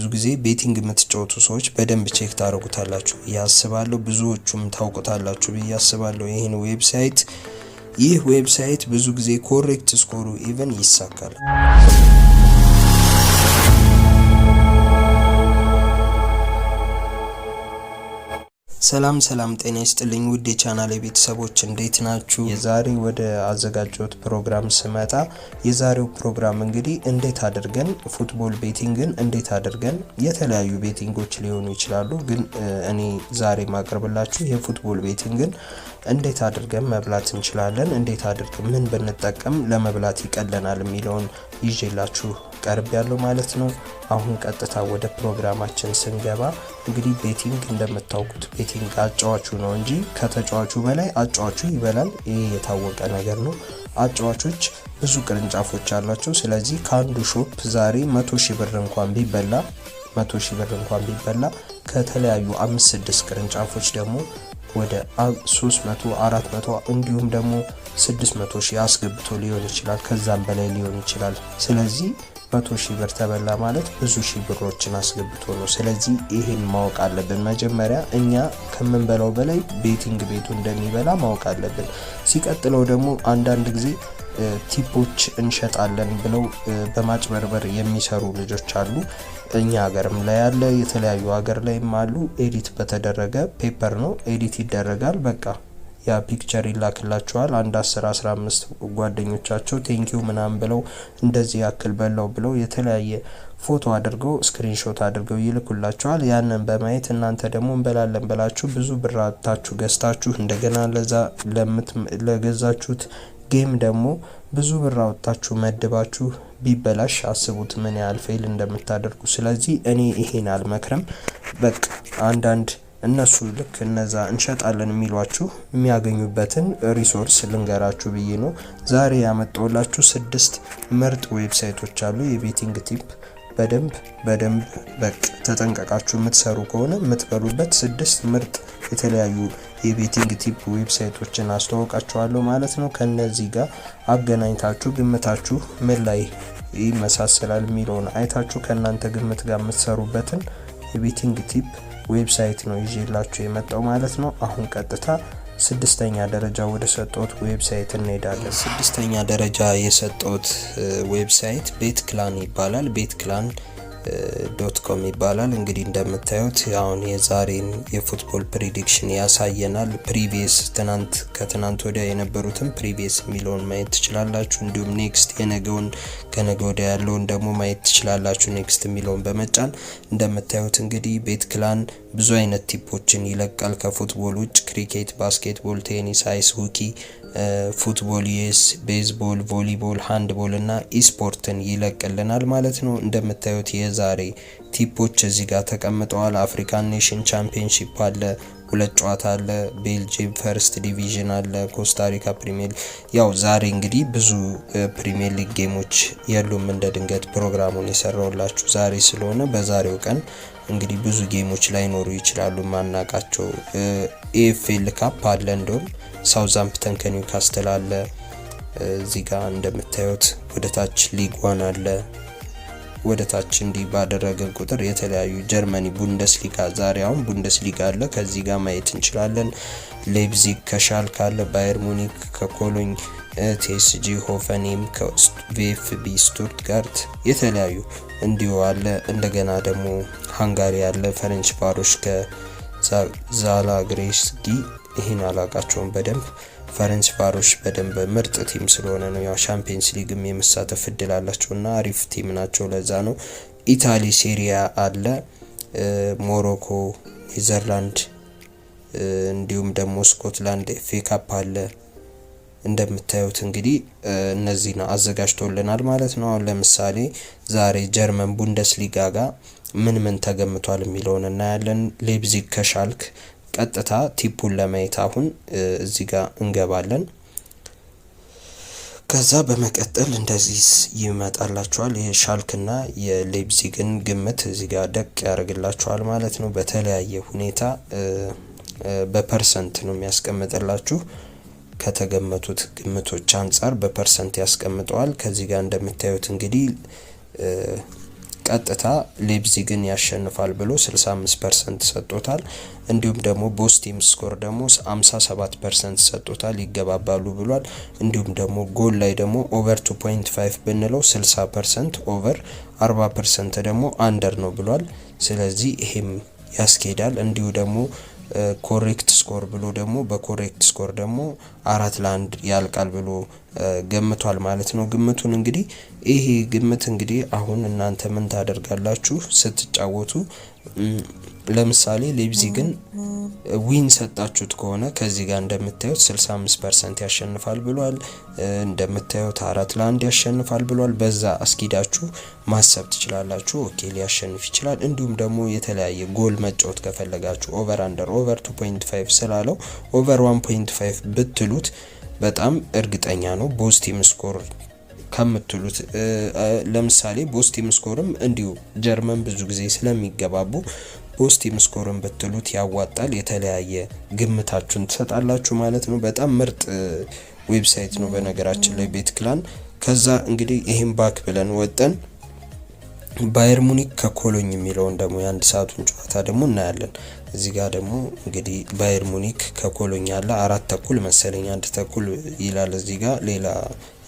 ብዙ ጊዜ ቤቲንግ የምትጫወቱ ሰዎች በደንብ ቼክ ታደርጉታላችሁ ያስባለሁ። ብዙዎቹም ታውቁታላችሁ ብዬ አስባለሁ ይህን ዌብሳይት። ይህ ዌብሳይት ብዙ ጊዜ ኮሬክት ስኮሩ ኢቨን ይሳካል። ሰላም ሰላም ጤና ይስጥልኝ ውድ የቻናል ቤተሰቦች እንዴት ናችሁ? የዛሬ ወደ አዘጋጀሁት ፕሮግራም ስመጣ የዛሬው ፕሮግራም እንግዲህ እንዴት አድርገን ፉትቦል ቤቲንግን እንዴት አድርገን የተለያዩ ቤቲንጎች ሊሆኑ ይችላሉ፣ ግን እኔ ዛሬ ማቅርብላችሁ የፉትቦል ቤቲንግን እንዴት አድርገን መብላት እንችላለን፣ እንዴት አድርገን ምን ብንጠቀም ለመብላት ይቀለናል የሚለውን ይዤላችሁ ቀርብ ያለው ማለት ነው። አሁን ቀጥታ ወደ ፕሮግራማችን ስንገባ እንግዲህ ቤቲንግ እንደምታውቁት ቤቲንግ አጫዋቹ ነው እንጂ ከተጫዋቹ በላይ አጫዋቹ ይበላል። ይህ የታወቀ ነገር ነው። አጫዋቾች ብዙ ቅርንጫፎች አሏቸው። ስለዚህ ከአንዱ ሾፕ ዛሬ መቶ ሺህ ብር እንኳን ቢበላ መቶ ሺህ ብር እንኳን ቢበላ ከተለያዩ አምስት ስድስት ቅርንጫፎች ደግሞ ወደ አብ 300 400 እንዲሁም ደግሞ 600 ሺህ አስገብቶ ሊሆን ይችላል፣ ከዛም በላይ ሊሆን ይችላል። ስለዚህ 100 ሺህ ብር ተበላ ማለት ብዙ ሺህ ብሮችን አስገብቶ ነው። ስለዚህ ይህን ማወቅ አለብን። መጀመሪያ እኛ ከምንበላው በላይ ቤቲንግ ቤቱ እንደሚበላ ማወቅ አለብን። ሲቀጥለው ደግሞ አንዳንድ ጊዜ ቲፖች እንሸጣለን ብለው በማጭበርበር የሚሰሩ ልጆች አሉ። እኛ ሀገርም ላይ አለ የተለያዩ ሀገር ላይም አሉ። ኤዲት በተደረገ ፔፐር ነው ኤዲት ይደረጋል። በቃ ያ ፒክቸር ይላክላቸዋል። አንድ 10 15 ጓደኞቻቸው ቴንኪው ምናምን ብለው እንደዚህ ያክል በላው ብለው የተለያየ ፎቶ አድርገው ስክሪንሾት አድርገው ይልኩላቸዋል። ያንን በማየት እናንተ ደግሞ እንበላለን ብላችሁ ብዙ ብራታችሁ ገዝታችሁ እንደገና ለዛ ለገዛችሁት ጌም ደግሞ ብዙ ብር አወጣችሁ መድባችሁ ቢበላሽ አስቡት ምን ያህል ፌል እንደምታደርጉ። ስለዚህ እኔ ይሄን አልመክርም። በቃ አንዳንድ እነሱ ልክ እነዛ እንሸጣለን የሚሏችሁ የሚያገኙበትን ሪሶርስ ልንገራችሁ ብዬ ነው ዛሬ ያመጣውላችሁ ስድስት ምርጥ ዌብሳይቶች አሉ የቤቲንግ ቲፕ በደንብ በደንብ በቅ ተጠንቀቃችሁ የምትሰሩ ከሆነ የምትበሉበት ስድስት ምርጥ የተለያዩ የቤቲንግ ቲፕ ዌብሳይቶችን አስተዋውቃችኋለሁ ማለት ነው። ከነዚህ ጋር አገናኝታችሁ ግምታችሁ ምን ላይ ይመሳሰላል የሚለውን አይታችሁ ከእናንተ ግምት ጋር የምትሰሩበትን የቤቲንግ ቲፕ ዌብሳይት ነው ይዤላችሁ የመጣው ማለት ነው። አሁን ቀጥታ ስድስተኛ ደረጃ ወደ ሰጠት ዌብሳይት እንሄዳለን። ስድስተኛ ደረጃ የሰጠት ዌብሳይት ቤት ክላን ይባላል። ቤት ክላን ዶት ኮም ይባላል። እንግዲህ እንደምታዩት አሁን የዛሬን የፉትቦል ፕሪዲክሽን ያሳየናል። ፕሪቪየስ ትናንት ከትናንት ወዲያ የነበሩትን ፕሪቪየስ የሚለውን ማየት ትችላላችሁ። እንዲሁም ኔክስት የነገውን ከነገ ወዲያ ያለውን ደግሞ ማየት ትችላላችሁ። ኔክስት የሚለውን በመጫን እንደምታዩት እንግዲህ ቤት ክላን ብዙ አይነት ቲፖችን ይለቃል። ከፉትቦል ውጭ ክሪኬት፣ ባስኬትቦል፣ ቴኒስ፣ አይስ ሁኪ፣ ፉትቦል ዩኤስ፣ ቤዝቦል፣ ቮሊቦል፣ ሃንድቦል እና ኢስፖርትን ይለቅልናል ማለት ነው እንደምታዩት ዛሬ ቲፖች እዚህ ጋር ተቀምጠዋል። አፍሪካን ኔሽን ቻምፒየንሺፕ አለ፣ ሁለት ጨዋታ አለ። ቤልጅየም ፈርስት ዲቪዥን አለ፣ ኮስታሪካ ፕሪሚየር ያው ዛሬ እንግዲህ ብዙ ፕሪሚየር ሊግ ጌሞች የሉም። እንደ ድንገት ፕሮግራሙን የሰራውላችሁ ዛሬ ስለሆነ በዛሬው ቀን እንግዲህ ብዙ ጌሞች ላይኖሩ ይችላሉ። ማናቃቸው ኤፍኤል ካፕ አለ፣ እንደውም ሳውዛምፕተን ከኒውካስትል አለ። እዚህ ጋር እንደምታዩት ወደታች ሊግ ዋን አለ ወደ ታች እንዲ ባደረገ ቁጥር የተለያዩ ጀርመኒ ቡንደስሊጋ ዛሬ አሁን ቡንደስሊጋ አለ፣ ከዚህ ጋር ማየት እንችላለን። ሌፕዚግ ከሻልካ አለ፣ ባየር ሙኒክ ከኮሎኝ፣ ቴስጂ፣ ሆፈኔም ከቬፍቢ ስቱትጋርት የተለያዩ እንዲሁ አለ። እንደገና ደግሞ ሃንጋሪ አለ፣ ፈረንች ባሮች ከዛላግሬስጊ ይህን አላቃቸውን በደንብ ቫለንስ ቫሮች በደንብ ምርጥ ቲም ስለሆነ ነው። ያው ሻምፒየንስ ሊግም የመሳተፍ እድል አላቸው እና አሪፍ ቲም ናቸው። ለዛ ነው ኢታሊ ሴሪያ አለ፣ ሞሮኮ፣ ኔዘርላንድ እንዲሁም ደግሞ ስኮትላንድ ኤፌ ካፕ አለ። እንደምታዩት እንግዲህ እነዚህ ነው አዘጋጅቶልናል ማለት ነው። አሁን ለምሳሌ ዛሬ ጀርመን ቡንደስሊጋ ጋር ምን ምን ተገምቷል የሚለውን እናያለን። ሌብዚግ ከሻልክ ቀጥታ ቲፑን ለማየት አሁን እዚህ ጋር እንገባለን። ከዛ በመቀጠል እንደዚህ ይመጣላችኋል። የሻልክና የሌብዚግን ግምት እዚህ ጋር ደቅ ያደርግላችኋል ማለት ነው። በተለያየ ሁኔታ በፐርሰንት ነው የሚያስቀምጥላችሁ። ከተገመቱት ግምቶች አንጻር በፐርሰንት ያስቀምጠዋል። ከዚህ ጋር እንደምታዩት እንግዲህ ቀጥታ ሌፕዚግን ያሸንፋል ብሎ 65 ፐርሰንት ሰጥቶታል። እንዲሁም ደግሞ ቦስቲም ስኮር ደግሞ 57 ፐርሰንት ሰጥቶታል ይገባባሉ ብሏል። እንዲሁም ደግሞ ጎል ላይ ደግሞ ኦቨር 2.5 ብንለው 60 ፐርሰንት ኦቨር 40 ፐርሰንት ደግሞ አንደር ነው ብሏል። ስለዚህ ይሄም ያስኬዳል። እንዲሁ ደግሞ ኮሬክት ስኮር ብሎ ደግሞ በኮሬክት ስኮር ደግሞ አራት ለአንድ ያልቃል ብሎ ገምቷል ማለት ነው። ግምቱን እንግዲህ ይሄ ግምት እንግዲህ አሁን እናንተ ምን ታደርጋላችሁ ስትጫወቱ ለምሳሌ ሌብዚግን ዊን ሰጣችሁት ከሆነ ከዚህ ጋር እንደምታዩት 65 ፐርሰንት ያሸንፋል ብሏል። እንደምታዩት አራት ለአንድ ያሸንፋል ብሏል። በዛ አስኪዳችሁ ማሰብ ትችላላችሁ። ኦኬ ሊያሸንፍ ይችላል። እንዲሁም ደግሞ የተለያየ ጎል መጫወት ከፈለጋችሁ ኦቨር አንደር ኦቨር 2.5 ስላለው ኦቨር 1.5 ብትሉት በጣም እርግጠኛ ነው። ቦስቲም ስኮር ከምትሉት ለምሳሌ ቦስቲም ስኮርም እንዲሁ ጀርመን ብዙ ጊዜ ስለሚገባቡ ቦስቲም ስኮርን ብትሉት ያዋጣል። የተለያየ ግምታችሁን ትሰጣላችሁ ማለት ነው። በጣም ምርጥ ዌብሳይት ነው በነገራችን ላይ ቤት ክላን። ከዛ እንግዲህ ይህም ባክ ብለን ወጠን ባየር ሙኒክ ከኮሎኝ የሚለውን ደግሞ የአንድ ሰዓቱን ጨዋታ ደግሞ እናያለን። እዚህ ጋር ደግሞ እንግዲህ ባየር ሙኒክ ከኮሎኝ አለ አራት ተኩል መሰለኝ አንድ ተኩል ይላል እዚህ ጋር ሌላ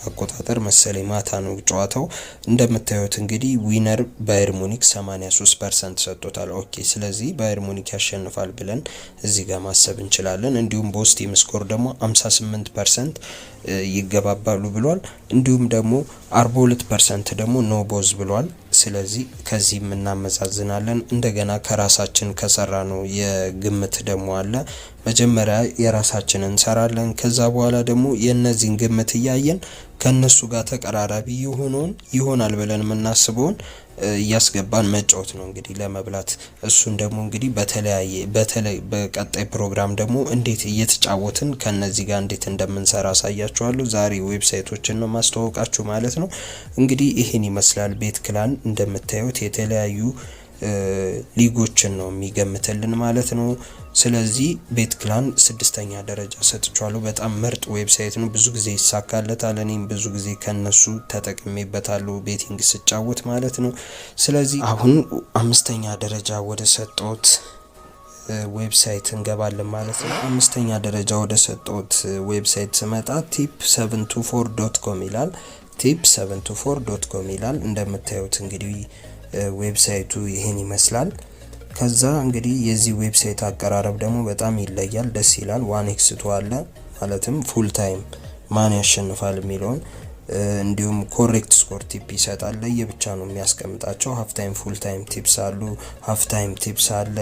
አቆጣጠር መሰለኝ ማታ ነው ጨዋታው። እንደምታዩት እንግዲህ ዊነር ባየር ሙኒክ 83 ፐርሰንት ሰጥቶታል። ኦኬ ስለዚህ ባየር ሙኒክ ያሸንፋል ብለን እዚህ ጋር ማሰብ እንችላለን። እንዲሁም በውስቴም ስኮር ደግሞ 58 ፐርሰንት ይገባባሉ ብሏል። እንዲሁም ደግሞ 42 ፐርሰንት ደግሞ ቦዝ ብሏል። ስለዚህ ከዚህ እናመዛዝናለን። እንደገና ከራሳችን ከሰራ ነው የግምት ደግሞ አለ። መጀመሪያ የራሳችን እንሰራለን። ከዛ በኋላ ደግሞ የእነዚህን ግምት እያየን ከእነሱ ጋር ተቀራራቢ የሆነውን ይሆናል ብለን የምናስበውን እያስገባን መጫወት ነው እንግዲህ ለመብላት። እሱን ደግሞ እንግዲህ በተለያየ በተለይ በቀጣይ ፕሮግራም ደግሞ እንዴት እየተጫወትን ከነዚህ ጋር እንዴት እንደምንሰራ አሳያችኋለሁ። ዛሬ ዌብሳይቶችን ነው ማስተዋወቃችሁ ማለት ነው። እንግዲህ ይህን ይመስላል ቤት ክላን እንደምታዩት የተለያዩ ሊጎችን ነው የሚገምትልን ማለት ነው። ስለዚህ ቤት ክላን ስድስተኛ ደረጃ ሰጥቻለሁ። በጣም ምርጥ ዌብሳይት ነው። ብዙ ጊዜ ይሳካለታል። እኔም ብዙ ጊዜ ከነሱ ተጠቅሜበታለሁ ቤቲንግ ስጫወት ማለት ነው። ስለዚህ አሁን አምስተኛ ደረጃ ወደ ሰጠሁት ዌብሳይት እንገባለን ማለት ነው። አምስተኛ ደረጃ ወደ ሰጠሁት ዌብሳይት ስመጣ ቲፕ 724 ዶት ኮም ይላል። ቲፕ 724 ዶት ኮም ይላል። እንደምታዩት እንግዲህ ዌብሳይቱ ይህን ይመስላል። ከዛ እንግዲህ የዚህ ዌብሳይት አቀራረብ ደግሞ በጣም ይለያል፣ ደስ ይላል። ዋን ቱ አለ ማለትም ፉል ታይም ማን ያሸንፋል የሚለውን እንዲሁም ኮሬክት ስኮር ቲፕ ይሰጣል። ለየብቻ ነው የሚያስቀምጣቸው። ሀፍ ታይም ፉል ታይም ቲፕስ አሉ። ሀፍ ታይም ቲፕስ አለ።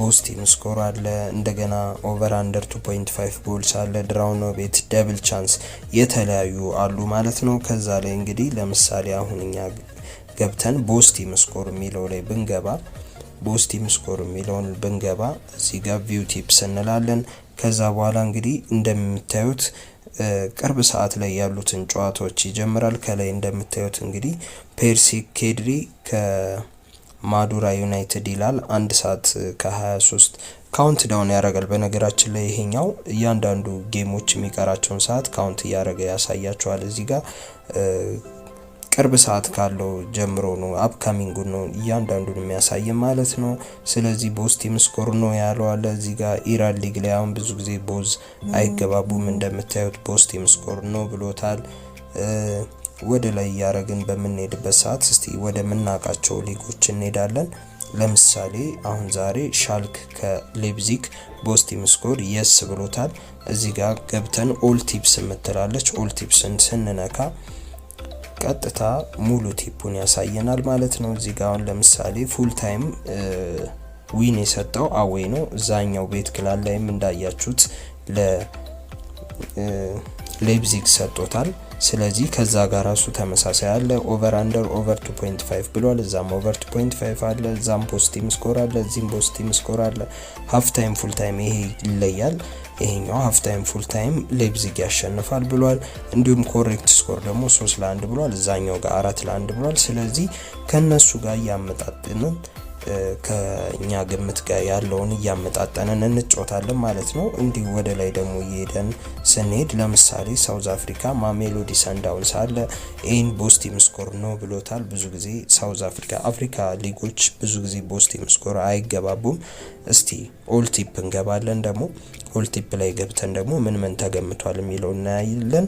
ቦስቲን ስኮር አለ። እንደገና ኦቨር አንደር 2.5 ጎልስ አለ። ድራውኖ ቤት ደብል ቻንስ የተለያዩ አሉ ማለት ነው። ከዛ ላይ እንግዲህ ለምሳሌ አሁን እኛ ገብተን ቦስ ስኮር የሚለው ላይ ብንገባ ቦስት ስኮር የሚለውን ብንገባ እዚህ ጋር ቪው ቲፕስ እንላለን። ከዛ በኋላ እንግዲህ እንደምታዩት ቅርብ ሰዓት ላይ ያሉትን ጨዋታዎች ይጀምራል። ከላይ እንደምታዩት እንግዲህ ፔርሲ ኬድሪ ከማዱራ ዩናይትድ ይላል አንድ ሰዓት ከ23 ካውንት ዳውን ያደርጋል። በነገራችን ላይ ይሄኛው እያንዳንዱ ጌሞች የሚቀራቸውን ሰዓት ካውንት እያደረገ ያሳያቸዋል እዚህ ጋር ቅርብ ሰዓት ካለው ጀምሮ ነው አፕካሚንጉ ነው እያንዳንዱን የሚያሳይ ማለት ነው። ስለዚህ ቦዝ ቲም ስኮር ነው ያለው አለ እዚህ ጋር ኢራን ሊግ ላይ አሁን ብዙ ጊዜ ቦዝ አይገባቡም እንደምታዩት ቦዝ ቲም ስኮር ነው ብሎታል። ወደ ላይ እያረግን በምንሄድበት ሰዓት እስቲ ወደ ምናውቃቸው ሊጎች እንሄዳለን። ለምሳሌ አሁን ዛሬ ሻልክ ከሌብዚክ ቦዝ ቲም ስኮር የስ ብሎታል። እዚህ ጋር ገብተን ኦል ቲፕስ የምትላለች ኦል ቲፕስን ስንነካ ቀጥታ ሙሉ ቲፑን ያሳየናል ማለት ነው። እዚህ ጋር አሁን ለምሳሌ ፉል ታይም ዊን የሰጠው አዌይ ነው። እዛኛው ቤት ክላል ላይም እንዳያችሁት ለሌብዚግ ሰጥቶታል። ስለዚህ ከዛ ጋር ራሱ ተመሳሳይ አለ። ኦቨር አንደር ኦቨር 2.5 ብሏል። እዛም ኦቨር 2.5 አለ። እዛም ፖስቲም ስኮር አለ። እዚህም ፖስቲም ስኮር አለ። ሀፍ ታይም ፉል ታይም ይሄ ይለያል። ይሄኛው ሀፍ ታይም ፉል ታይም ሌብዚግ ያሸንፋል ብሏል። እንዲሁም ኮሬክት ስኮር ደግሞ 3 ለ1 ብሏል። እዛኛው ጋር 4 ለ1 ብሏል። ስለዚህ ከነሱ ጋር እያመጣጥንን ከኛ ግምት ጋር ያለውን እያመጣጠንን እንጮታለን ማለት ነው። እንዲሁ ወደ ላይ ደግሞ እየሄደን ስንሄድ ለምሳሌ ሳውዝ አፍሪካ ማሜሎዲ ሰንዳውንስ አለ። ይህን ቦስቲም ስኮር ነው ብሎታል። ብዙ ጊዜ ሳውዝ አፍሪካ አፍሪካ ሊጎች ብዙ ጊዜ ቦስቲም ስኮር አይገባቡም። እስቲ ኦልቲፕ እንገባለን ደግሞ ኦልቲፕ ቲፕ ላይ ገብተን ደግሞ ምን ምን ተገምቷል የሚለው እናያለን።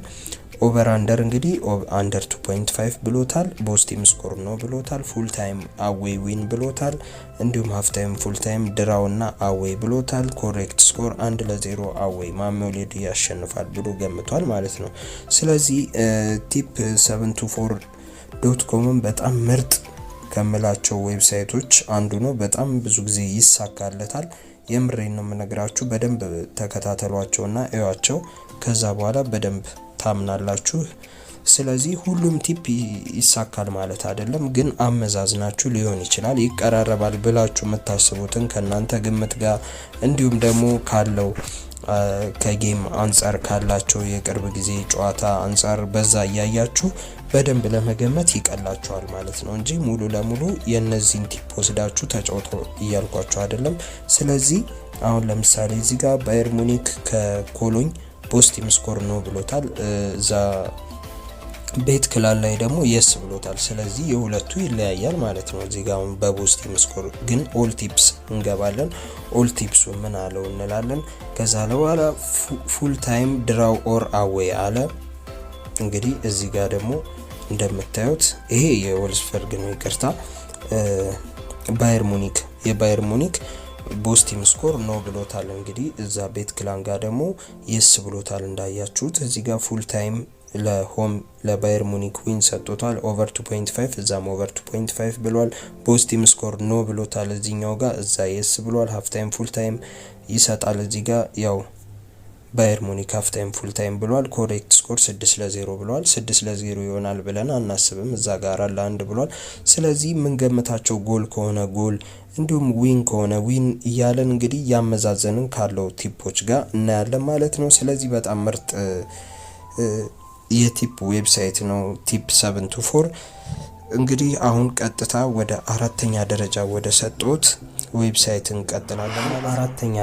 ኦቨር አንደር እንግዲህ አንደር 2.5 ብሎታል። ቦስቲም ስኮር ነው ብሎታል። ፉል ታይም አዌይ ዊን ብሎታል። እንዲሁም ታይም ፉል ታይም ድራው ና አዌይ ብሎታል። ኮሬክት ስኮር አንድ ለዜሮ አዌይ ማሜውሌድ ያሸንፋል ብሎ ገምቷል ማለት ነው። ስለዚህ ቲፕ 724 ዶት ኮምን በጣም ምርጥ ከምላቸው ዌብሳይቶች አንዱ ነው። በጣም ብዙ ጊዜ ይሳካለታል። የምሬን ነው የምነግራችሁ። በደንብ ተከታተሏቸውና እዩዋቸው። ከዛ በኋላ በደንብ ታምናላችሁ። ስለዚህ ሁሉም ቲፕ ይሳካል ማለት አይደለም፣ ግን አመዛዝናችሁ ሊሆን ይችላል። ይቀራረባል ብላችሁ የምታስቡትን ከእናንተ ግምት ጋር እንዲሁም ደግሞ ካለው ከጌም አንጻር ካላቸው የቅርብ ጊዜ ጨዋታ አንጻር በዛ እያያችሁ በደንብ ለመገመት ይቀላቸዋል ማለት ነው እንጂ ሙሉ ለሙሉ የነዚህን ቲፕ ወስዳችሁ ተጫውቶ እያልኳቸው አይደለም። ስለዚህ አሁን ለምሳሌ እዚህ ጋር ባየር ሙኒክ ከኮሎኝ ቦስቲም ስኮር ነው ብሎታል። እዛ ቤት ክላል ላይ ደግሞ የስ ብሎታል። ስለዚህ የሁለቱ ይለያያል ማለት ነው። እዚህ ጋር በቦስቲም ስኮር ግን ኦል ቲፕስ እንገባለን። ኦል ቲፕሱ ምን አለው እንላለን። ከዛ ለበኋላ ፉል ታይም ድራው ኦር አዌ አለ። እንግዲህ እዚህ ጋር ደግሞ እንደምታዩት ይሄ የወልስበርግ ነው፣ ይቅርታ ባየር ሙኒክ የባየር ሙኒክ ቦስቲም ስኮር ኖ ብሎታል። እንግዲህ እዛ ቤት ክላንጋ ደግሞ የስ ብሎታል እንዳያችሁት። እዚህ ጋር ፉል ታይም ለሆም ለባየር ሙኒክ ዊን ሰጥቶታል። ኦቨር 2.5 እዛም ኦቨር 2.5 ብሏል። ቦስቲም ስኮር ኖ ብሎታል እዚኛው ጋር እዛ የስ ብሏል። ሀፍ ታይም ፉል ታይም ይሰጣል እዚህ ጋር ያው ባየር ሙኒክ ሀፍ ታይም ፉል ታይም ብሏል። ኮሬክት ስኮር ለ0 ብሏል። ለ0 ይሆናል ብለን አናስብም። እዛ ጋር ለአንድ ብሏል። ስለዚህ የምንገምታቸው ጎል ከሆነ ጎል እንዲሁም ዊን ከሆነ ዊን እያለን እንግዲህ ያመዛዘንን ካለው ቲፖች ጋር እናያለን ማለት ነው። ስለዚህ በጣም ምርጥ የቲፕ ዌብሳይት ነው ቲፕ 724 ፎር። እንግዲህ አሁን ቀጥታ ወደ አራተኛ ደረጃ ወደ ሰጡት ዌብሳይት እንቀጥላለን። አራተኛ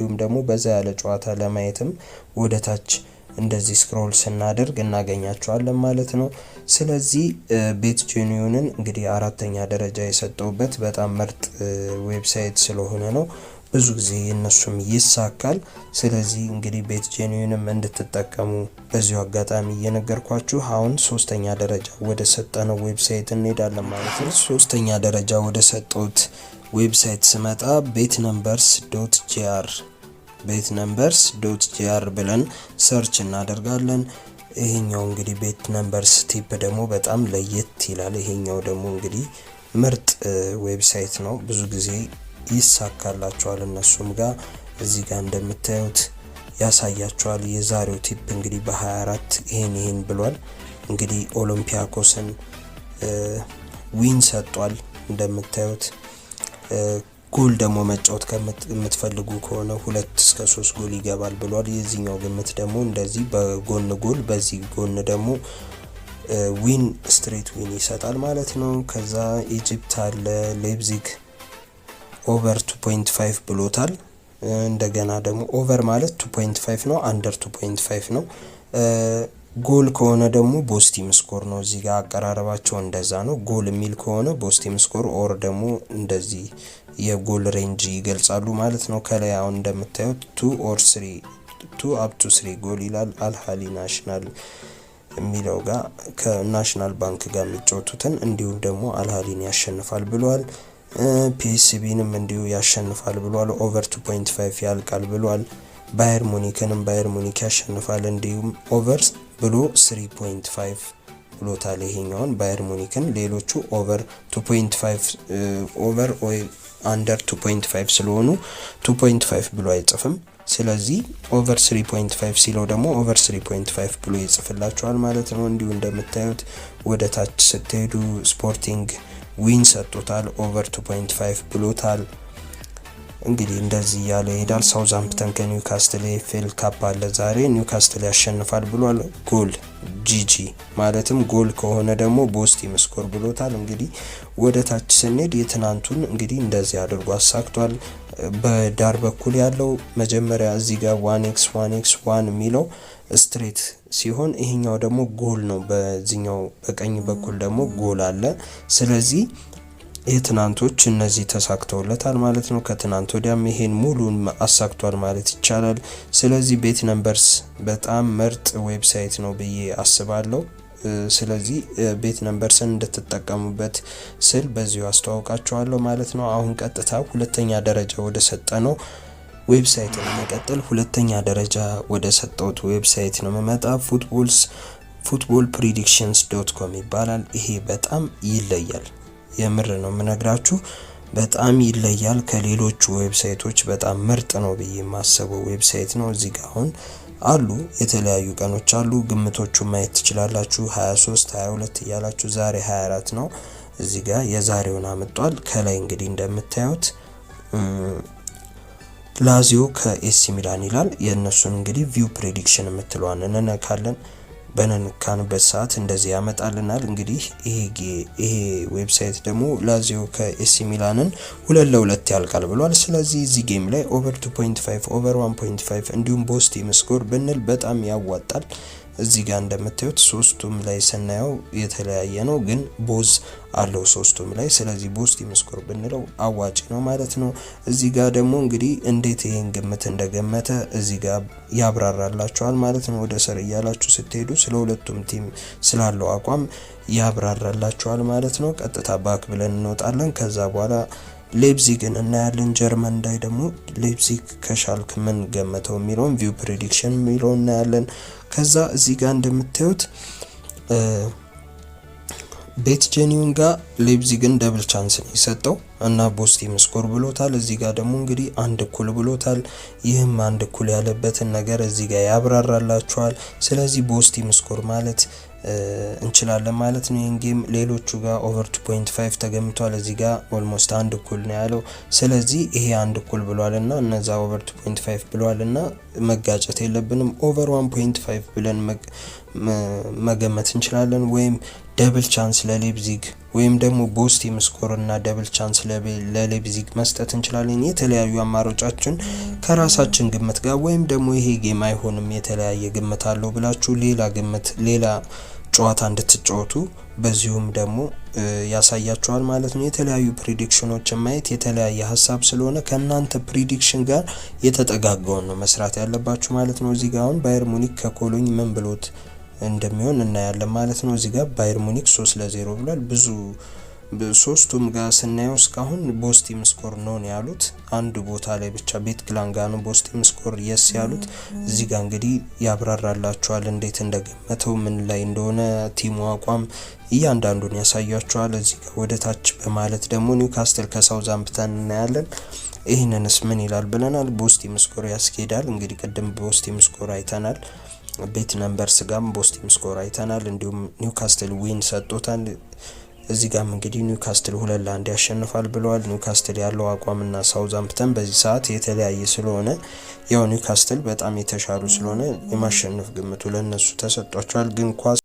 እንዲሁም ደግሞ በዛ ያለ ጨዋታ ለማየትም ወደ ታች እንደዚህ ስክሮል ስናደርግ እናገኛቸዋለን ማለት ነው። ስለዚህ ቤት ጄኒዮንን እንግዲህ አራተኛ ደረጃ የሰጠውበት በጣም ምርጥ ዌብሳይት ስለሆነ ነው። ብዙ ጊዜ እነሱም ይሳካል። ስለዚህ እንግዲህ ቤት ጄኒዮንም እንድትጠቀሙ በዚሁ አጋጣሚ እየነገርኳችሁ፣ አሁን ሶስተኛ ደረጃ ወደ ሰጠነው ዌብሳይት እንሄዳለን ማለት ነው። ሶስተኛ ደረጃ ወደ ሰጠውት ዌብሳይት ስመጣ ቤት ነምበርስ ዶት ጂአር ቤት ነምበርስ ዶት ጂአር ብለን ሰርች እናደርጋለን። ይሄኛው እንግዲህ ቤት ነምበርስ ቲፕ ደግሞ በጣም ለየት ይላል። ይሄኛው ደግሞ እንግዲህ ምርጥ ዌብሳይት ነው። ብዙ ጊዜ ይሳካላቸዋል እነሱም ጋር እዚህ ጋር እንደምታዩት ያሳያቸዋል። የዛሬው ቲፕ እንግዲህ በ24 ይሄን ይሄን ብሏል። እንግዲህ ኦሎምፒያኮስን ዊን ሰጧል እንደምታዩት ጎል ደግሞ መጫወት የምትፈልጉ ከሆነ ሁለት እስከ ሶስት ጎል ይገባል ብሏል። የዚህኛው ግምት ደግሞ እንደዚህ በጎን ጎል፣ በዚህ ጎን ደግሞ ዊን ስትሬት ዊን ይሰጣል ማለት ነው። ከዛ ኢጂፕት አለ ሌፕዚግ ኦቨር 2.5 ብሎታል። እንደገና ደግሞ ኦቨር ማለት 2.5 ነው፣ አንደር 2.5 ነው። ጎል ከሆነ ደግሞ ቦስቲም ስኮር ነው። እዚህ ጋር አቀራረባቸው እንደዛ ነው። ጎል የሚል ከሆነ ቦስቲም ስኮር ኦር ደግሞ እንደዚህ የጎል ሬንጅ ይገልጻሉ ማለት ነው። ከላይ አሁን እንደምታዩት ቱ ኦር ስሪ ቱ አፕ ቱ ስሪ ጎል ይላል። አልሃሊ ናሽናል የሚለው ጋር ከናሽናል ባንክ ጋር የሚጫወቱትን እንዲሁም ደግሞ አልሃሊን ያሸንፋል ብሏል። ፒኤስቢንም እንዲሁ ያሸንፋል ብሏል። ኦቨር 2.5 ያልቃል ብሏል። ባየር ሙኒክንም ባየር ሙኒክ ያሸንፋል እንዲሁም ኦቨርስ ብሎ 3.5 ብሎታል። ይሄኛውን ባየር ሙኒክን ሌሎቹ ኦቨር 2.5 ኦቨር ኦይ አንደር 2.5 ስለሆኑ 2.5 ብሎ አይጽፍም። ስለዚህ ኦቨር 3.5 ሲለው ደግሞ ኦቨር 3.5 ብሎ ይጽፍላችኋል ማለት ነው። እንዲሁ እንደምታዩት ወደ ታች ስትሄዱ ስፖርቲንግ ዊን ሰጥቶታል፣ ኦቨር 2.5 ብሎታል። እንግዲህ እንደዚህ እያለ ይሄዳል። ሳውዛምፕተን ከኒውካስትል ኤፍኤል ካፕ አለ ዛሬ ኒውካስትል ያሸንፋል ብሏል። ጎል ጂጂ ማለትም ጎል ከሆነ ደግሞ ቦስቲ መስኮር ብሎታል። እንግዲህ ወደ ታች ስንሄድ የትናንቱን እንግዲህ እንደዚህ አድርጎ አሳክቷል። በዳር በኩል ያለው መጀመሪያ እዚህ ጋር ዋን ኤክስ ዋን ኤክስ ዋን የሚለው ስትሬት ሲሆን ይሄኛው ደግሞ ጎል ነው። በዚኛው በቀኝ በኩል ደግሞ ጎል አለ። ስለዚህ የትናንቶች እነዚህ ተሳክተውለታል ማለት ነው። ከትናንት ወዲያም ይሄን ሙሉን አሳክቷል ማለት ይቻላል። ስለዚህ ቤት ነምበርስ በጣም ምርጥ ዌብሳይት ነው ብዬ አስባለሁ። ስለዚህ ቤት ነምበርስን እንድትጠቀሙበት ስል በዚሁ አስተዋውቃችኋለሁ ማለት ነው። አሁን ቀጥታ ሁለተኛ ደረጃ ወደ ሰጠ ነው ዌብሳይት ለመቀጠል ሁለተኛ ደረጃ ወደ ሰጠውት ዌብሳይት ነው መመጣ ፉትቦልስ ፉትቦል ፕሪዲክሽንስ ዶት ኮም ይባላል። ይሄ በጣም ይለያል። የምር ነው የምነግራችሁ። በጣም ይለያል ከሌሎቹ ዌብሳይቶች። በጣም ምርጥ ነው ብዬ የማስበው ዌብሳይት ነው። እዚህ ጋር አሁን አሉ የተለያዩ ቀኖች አሉ። ግምቶቹ ማየት ትችላላችሁ። 23 22 እያላችሁ ዛሬ 24 ነው። እዚህ ጋር የዛሬውን አምጧል። ከላይ እንግዲህ እንደምታዩት ላዚዮ ከኤሲ ሚላን ይላል። የእነሱን እንግዲህ ቪው ፕሬዲክሽን የምትለዋን እንነካለን። በነንካንበት ሰዓት እንደዚህ ያመጣልናል። እንግዲህ ይሄ ዌብሳይት ደግሞ ላዚዮ ከኤሲ ሚላንን ሁለት ለሁለት ያልቃል ብሏል። ስለዚህ እዚህ ጌም ላይ ኦቨር 2.5 ኦቨር 1.5 እንዲሁም ቦስቲ መስኮር ብንል በጣም ያዋጣል። እዚህ ጋር እንደምታዩት ሶስቱም ላይ ስናየው የተለያየ ነው፣ ግን ቦዝ አለው ሶስቱም ላይ። ስለዚህ ቦዝ ይመስኩር ብንለው አዋጭ ነው ማለት ነው። እዚህ ጋር ደግሞ እንግዲህ እንዴት ይሄን ግምት እንደገመተ እዚህ ጋር ያብራራላችኋል ማለት ነው። ወደ ስር እያላችሁ ስትሄዱ ስለ ሁለቱም ቲም ስላለው አቋም ያብራራላችኋል ማለት ነው። ቀጥታ ባክ ብለን እንወጣለን። ከዛ በኋላ ሌፕዚግን እናያለን። ጀርመን እንዳይ ደግሞ ሌፕዚግ ከሻልክ ምን ገመተው የሚለውን ቪው ፕሬዲክሽን የሚለውን እናያለን። ከዛ እዚህ ጋር እንደምታዩት ቤት ጄኒውን ጋር ሌብዚግን ደብል ቻንስ ነው የሰጠው እና ቦስቲም ስኮር ብሎታል። እዚህ ጋር ደግሞ እንግዲህ አንድ እኩል ብሎታል። ይህም አንድ እኩል ያለበትን ነገር እዚህ ጋር ያብራራላችኋል። ስለዚህ ቦስቲም ስኮር ማለት እንችላለን ማለት ነው። ይህን ጌም ሌሎቹ ጋር ኦቨር 2.5 ተገምቷል። እዚህ ጋር ኦልሞስት አንድ እኩል ነው ያለው። ስለዚህ ይሄ አንድ እኩል ብሏል እና እነዛ ኦቨር 2.5 ብሏል እና መጋጨት የለብንም። ኦቨር 1.5 ብለን መገመት እንችላለን ወይም ደብል ቻንስ ለሌብዚግ ወይም ደግሞ ቦስት የምስኮር እና ደብል ቻንስ ለሌብዚግ መስጠት እንችላለን። የተለያዩ አማራጮችን ከራሳችን ግምት ጋር ወይም ደግሞ ይሄ ጌም አይሆንም የተለያየ ግምት አለው ብላችሁ ሌላ ግምት ሌላ ጨዋታ እንድትጫወቱ በዚሁም ደግሞ ያሳያችኋል ማለት ነው። የተለያዩ ፕሪዲክሽኖችን ማየት የተለያየ ሀሳብ ስለሆነ ከእናንተ ፕሪዲክሽን ጋር የተጠጋጋውን ነው መስራት ያለባችሁ ማለት ነው። እዚህ ጋ አሁን ባየር ሙኒክ ከኮሎኝ ምን ብሎት እንደሚሆን እናያለን ማለት ነው። እዚህ ጋር ባየር ሙኒክ ለ0 ብሏል። ብዙ ሶስቱም ጋር ስናየው እስካሁን ቦስቲም ስኮር ነውን ያሉት አንድ ቦታ ላይ ብቻ ቤት ግላንጋ ነው ቦስቲም ስኮር የስ ያሉት። እዚህ ጋር እንግዲህ ያብራራላቸዋል እንዴት እንደገመተው ምን ላይ እንደሆነ ቲሙ አቋም እያንዳንዱን ያሳያቸዋል። እዚህ ጋር ወደ ታች በማለት ደግሞ ኒውካስትል ከሳውዛምፕተን እናያለን። ይህንንስ ምን ይላል ብለናል። ቦስቲም ስኮር ያስኬዳል። እንግዲህ ቅድም ቦስቲም ስኮር አይተናል። ቤት ነንበር ስጋም ቦስቲም ስኮር አይተናል። እንዲሁም ኒውካስትል ዊን ሰጥቶታል። እዚህ ጋም እንግዲህ ኒውካስትል ሁለት ለአንድ ያሸንፋል ብለዋል። ኒውካስትል ያለው አቋምና ሳውዛምፕተን በዚህ ሰዓት የተለያየ ስለሆነ ያው ኒውካስትል በጣም የተሻሉ ስለሆነ የማሸነፍ ግምቱ ለነሱ ተሰጧቸዋል። ግን ኳስ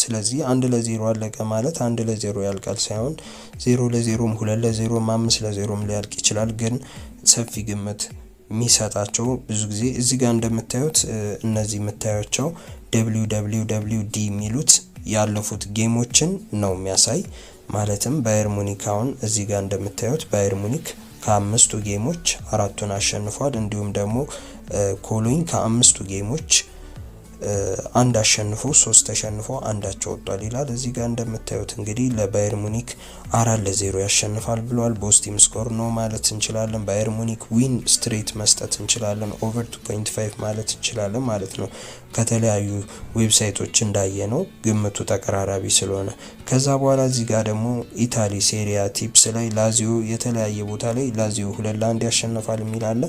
ስለዚህ አንድ ለዜሮ አለቀ ማለት አንድ ለዜሮ ያልቃል ሳይሆን ዜሮ ለዜሮም ሁለት ለዜሮም አምስት ለዜሮም ሊያልቅ ይችላል። ግን ሰፊ ግምት የሚሰጣቸው ብዙ ጊዜ እዚህ ጋር እንደምታዩት እነዚህ የምታያቸው WWWD ደብሊው ደብሊው ዲ የሚሉት ያለፉት ጌሞችን ነው የሚያሳይ ማለትም ባየር ሙኒክ አሁን እዚህ ጋር እንደምታዩት ባየር ሙኒክ ከአምስቱ ጌሞች አራቱን አሸንፏል። እንዲሁም ደግሞ ኮሎኝ ከአምስቱ ጌሞች አንድ አሸንፎ ሶስት ተሸንፎ አንዳቸው ወጥቷል ይላል። እዚህ ጋር እንደምታዩት እንግዲህ ለባየር ሙኒክ አራት ለዜሮ ያሸንፋል ብሏል። ቦስቲም ስኮር ነው ማለት እንችላለን። ባየር ሙኒክ ዊን ስትሬት መስጠት እንችላለን። ኦቨር 2.5 ማለት እንችላለን ማለት ነው። ከተለያዩ ዌብሳይቶች እንዳየ ነው ግምቱ ተቀራራቢ ስለሆነ ከዛ በኋላ እዚህ ጋር ደግሞ ኢታሊ ሴሪያ ቲፕስ ላይ ላዚዮ የተለያየ ቦታ ላይ ላዚዮ ሁለት ለአንድ ያሸንፋል የሚል አለ።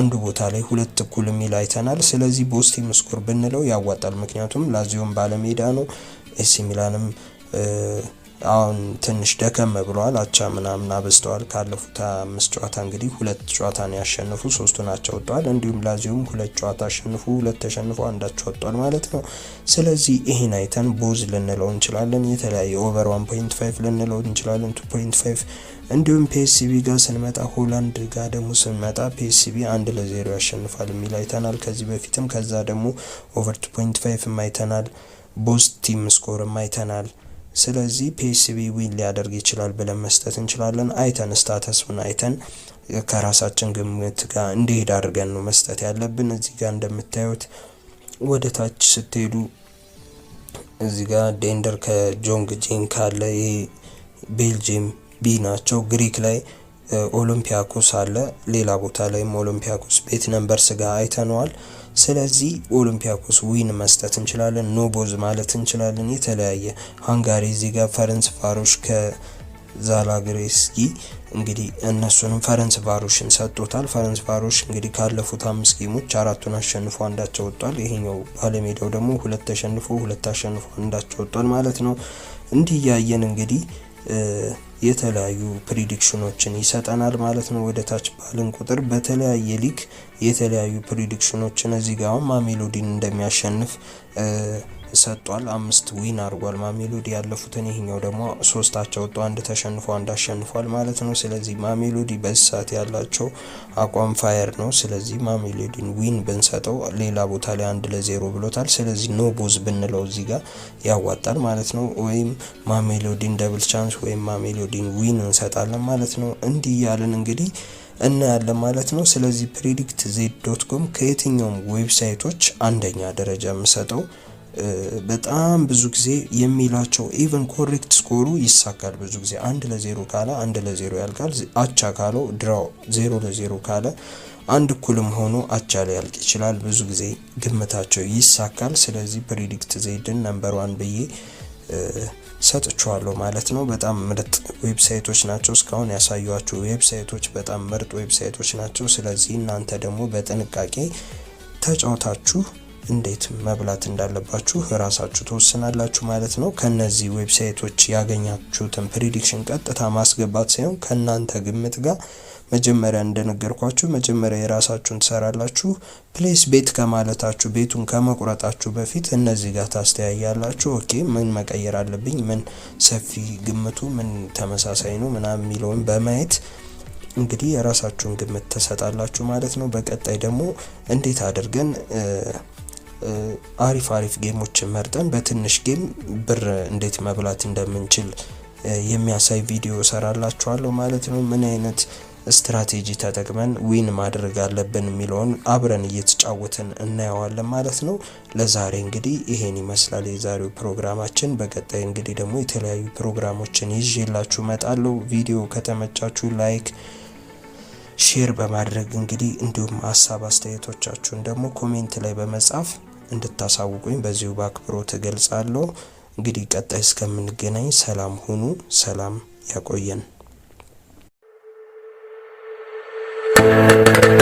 አንዱ ቦታ ላይ ሁለት እኩል የሚል አይተናል። ስለዚህ ቦስቲም ስኮር ብንለው ያዋጣል። ምክንያቱም ላዚዮን ባለሜዳ ነው ኤሲ ሚላንም አሁን ትንሽ ደከም ብሏል። አቻ ምናምን አበዝተዋል። ካለፉት አምስት ጨዋታ እንግዲህ ሁለት ጨዋታ ነው ያሸነፉ፣ ሶስቱ ናቸው ወጥተዋል። እንዲሁም ላዚዮም ሁለት ጨዋታ አሸንፉ፣ ሁለት ተሸንፎ አንዳቸው ወጥቷል ማለት ነው። ስለዚህ ይህን አይተን ቦዝ ልንለው እንችላለን። የተለያየ ኦቨር 1.5 ልንለው እንችላለን፣ 2.5 እንዲሁም ፒኤስሲቢ ጋር ስንመጣ ሆላንድ ጋር ደግሞ ስንመጣ ፒኤስሲቢ አንድ ለዜሮ ያሸንፋል የሚል አይተናል ከዚህ በፊትም። ከዛ ደግሞ ኦቨር 2.5 አይተናል፣ ቦዝ ቲም ስኮርም አይተናል። ስለዚህ ፒኤስቪ ዊን ሊያደርግ ይችላል ብለን መስጠት እንችላለን። አይተን ስታተሱን አይተን ከራሳችን ግምት ጋር እንዲሄድ አድርገን ነው መስጠት ያለብን። እዚህ ጋር እንደምታዩት ወደ ታች ስትሄዱ እዚህ ጋር ዴንደር ከጆንግ ጂን ካለ ይሄ ቤልጅየም ቢ ናቸው። ግሪክ ላይ ኦሎምፒያኮስ አለ። ሌላ ቦታ ላይም ኦሎምፒያኮስ ቤት ነንበር ስጋ አይተነዋል። ስለዚህ ኦሎምፒያኮስ ዊን መስጠት እንችላለን፣ ኖቦዝ ማለት እንችላለን። የተለያየ ሃንጋሪ እዚህ ጋር ፈረንስ ቫሮሽ ከዛላግሬስኪ እንግዲህ እነሱንም ፈረንስ ቫሮሽን ሰጥቶታል። ፈረንስ ቫሮሽ እንግዲህ ካለፉት አምስት ጌሞች አራቱን አሸንፎ አንዳቸው ወጥቷል። ይሄኛው ባለሜዳው ደግሞ ሁለት ተሸንፎ ሁለት አሸንፎ አንዳቸው ወጥቷል ማለት ነው። እንዲህ እያየን እንግዲህ የተለያዩ ፕሪዲክሽኖችን ይሰጠናል ማለት ነው። ወደ ታች ባልን ቁጥር በተለያየ ሊግ የተለያዩ ፕሪዲክሽኖችን እዚህ ጋር አሁን ማሜሎዲን እንደሚያሸንፍ ሰጧል። አምስት ዊን አድርጓል ማሜሎዲ ያለፉትን። ይሄኛው ደግሞ ሶስታቸው ወጥቶ አንድ ተሸንፎ አንድ አሸንፏል ማለት ነው። ስለዚህ ማሜሎዲ በእሳት ያላቸው አቋም ፋየር ነው። ስለዚህ ማሜሎዲን ዊን ብንሰጠው ሌላ ቦታ ላይ አንድ ለዜሮ ብሎታል። ስለዚህ ኖ ቦዝ ብንለው እዚህ ጋር ያዋጣል ማለት ነው። ወይም ማሜሎዲን ደብል ቻንስ ወይም ማሜሎዲን ዊን እንሰጣለን ማለት ነው። እንዲህ እያለን እንግዲህ እናያለን ማለት ነው። ስለዚህ ፕሪዲክት ዜድ ዶት ኮም ከየትኛውም ዌብሳይቶች አንደኛ ደረጃ የምሰጠው በጣም ብዙ ጊዜ የሚላቸው ኢቨን ኮሬክት ስኮሩ ይሳካል። ብዙ ጊዜ አንድ ለዜሮ ካለ አንድ ለዜሮ ያልቃል። አቻ ካለው ድራው፣ ዜሮ ለዜሮ ካለ አንድ እኩልም ሆኖ አቻ ሊያልቅ ይችላል። ብዙ ጊዜ ግምታቸው ይሳካል። ስለዚህ ፕሪዲክት ዜድን ነምበር ዋን ብዬ ሰጥቸዋለሁ ማለት ነው። በጣም ምርጥ ዌብሳይቶች ናቸው። እስካሁን ያሳዩችሁ ዌብሳይቶች በጣም ምርጥ ዌብሳይቶች ናቸው። ስለዚህ እናንተ ደግሞ በጥንቃቄ ተጫውታችሁ እንዴት መብላት እንዳለባችሁ ራሳችሁ ተወስናላችሁ ማለት ነው። ከነዚህ ዌብሳይቶች ያገኛችሁትን ፕሪዲክሽን ቀጥታ ማስገባት ሳይሆን ከእናንተ ግምት ጋር መጀመሪያ እንደነገርኳችሁ መጀመሪያ የራሳችሁን ትሰራላችሁ። ፕሌስ ቤት ከማለታችሁ ቤቱን ከመቁረጣችሁ በፊት እነዚህ ጋር ታስተያያላችሁ። ኦኬ ምን መቀየር አለብኝ፣ ምን ሰፊ ግምቱ ምን ተመሳሳይ ነው ምናምን የሚለውን በማየት እንግዲህ የራሳችሁን ግምት ትሰጣላችሁ ማለት ነው። በቀጣይ ደግሞ እንዴት አድርገን አሪፍ አሪፍ ጌሞችን መርጠን በትንሽ ጌም ብር እንዴት መብላት እንደምንችል የሚያሳይ ቪዲዮ ሰራላችኋለሁ ማለት ነው። ምን አይነት ስትራቴጂ ተጠቅመን ዊን ማድረግ አለብን የሚለውን አብረን እየተጫወትን እናየዋለን ማለት ነው። ለዛሬ እንግዲህ ይሄን ይመስላል የዛሬው ፕሮግራማችን። በቀጣይ እንግዲህ ደግሞ የተለያዩ ፕሮግራሞችን ይዤላችሁ እመጣለሁ። ቪዲዮ ከተመቻችሁ ላይክ ሼር በማድረግ እንግዲህ እንዲሁም ሀሳብ አስተያየቶቻችሁን ደግሞ ኮሜንት ላይ በመጻፍ እንድታሳውቁኝ በዚሁ በአክብሮት እገልጻለሁ። እንግዲህ ቀጣይ እስከምንገናኝ ሰላም ሁኑ። ሰላም ያቆየን። Gracias.